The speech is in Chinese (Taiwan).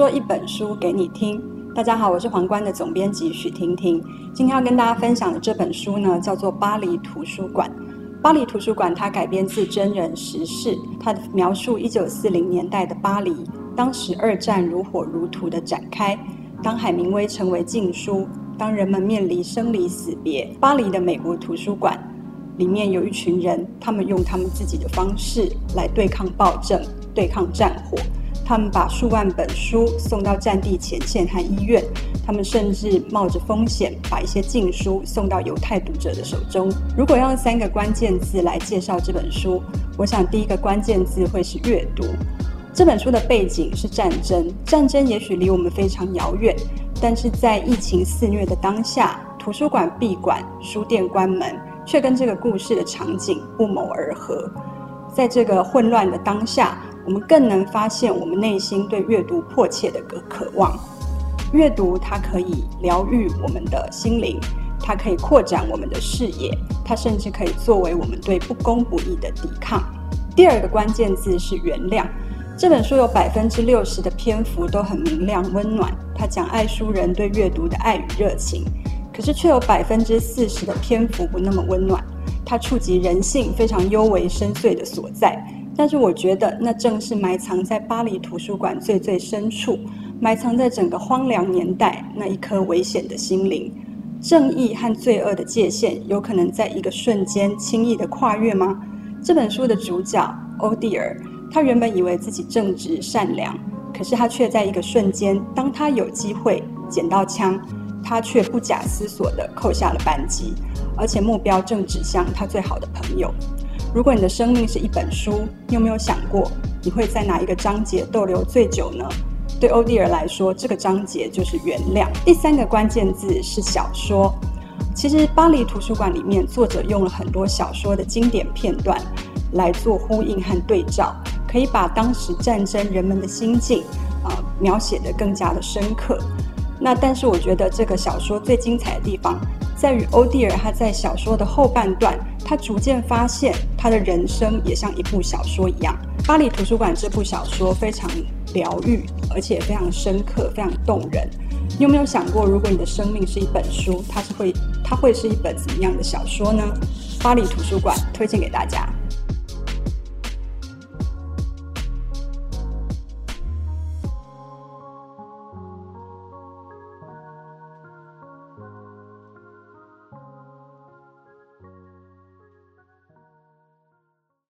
說一本書給你聽。大家好，我是皇冠的總編輯許婷婷。今天要跟大家分享的這本書呢，叫做《巴黎圖書館》。巴黎圖書館它改編自真人實事，它描述一九四零年代的巴黎，當時二戰如火如荼的展開。當海明威成為禁書，當人們面臨生離死別，巴黎的美國圖書館裡面有一群人，他們用他們自己的方式來對抗暴政，對抗戰火。他們把數萬本書送到戰地前線和醫院，他們甚至冒着風險把一些禁書送到猶太讀者的手中。如果要用三個關鍵字來介紹這本書，我想第一個關鍵字會是閱讀。這本書的背景是戰爭，戰爭也許離我們非常遙遠，但是在疫情肆虐的當下，圖書館閉館、書店關門，卻跟這個故事的場景不謀而合。在這個混亂的當下，我們更能發現我們內心對閱讀迫切的渴望。閱讀它可以療癒我們的心靈，它可以擴展我們的視野，它甚至可以作為我們對不公不義的抵抗。第二個關鍵字是原諒。這本書有百分之六十的篇幅都很明亮溫暖，它講愛書人對閱讀的愛與熱情，可是卻有百分之四十的篇幅不那麼溫暖。它觸及人性非常幽微深邃的所在，但是我覺得那正是埋藏在巴黎圖書館最最深處，埋藏在整個荒涼年代那一顆危險的心靈。正義和罪惡的界限有可能在一個瞬間輕易地跨越嗎？這本書的主角歐蒂爾，他原本以為自己正直善良，可是他卻在一個瞬間，當他有機會撿到槍，他卻不假思索地扣下了扳機。而且目標正指向他最好的朋友。如果你的生命是一本書，你有沒有想過你會在哪一個章節逗留最久呢？對歐蒂爾來說，這個章節就是原諒。第三個關鍵字是小說。其實巴黎圖書館裡面，作者用了很多小說的經典片段來做呼應和對照，可以把當時戰爭人們的心境啊、呃、描寫得更加的深刻。那但是我覺得這個小說最精彩的地方，在與歐蒂爾，他在小說的後半段，他逐漸發現他的人生也像一部小說一樣。巴黎圖書館這部小說非常療癒，而且非常深刻，非常動人。你有沒有想過，如果你的生命是一本書，它是會，它會是一本怎麼樣的小說呢？巴黎圖書館推薦給大家。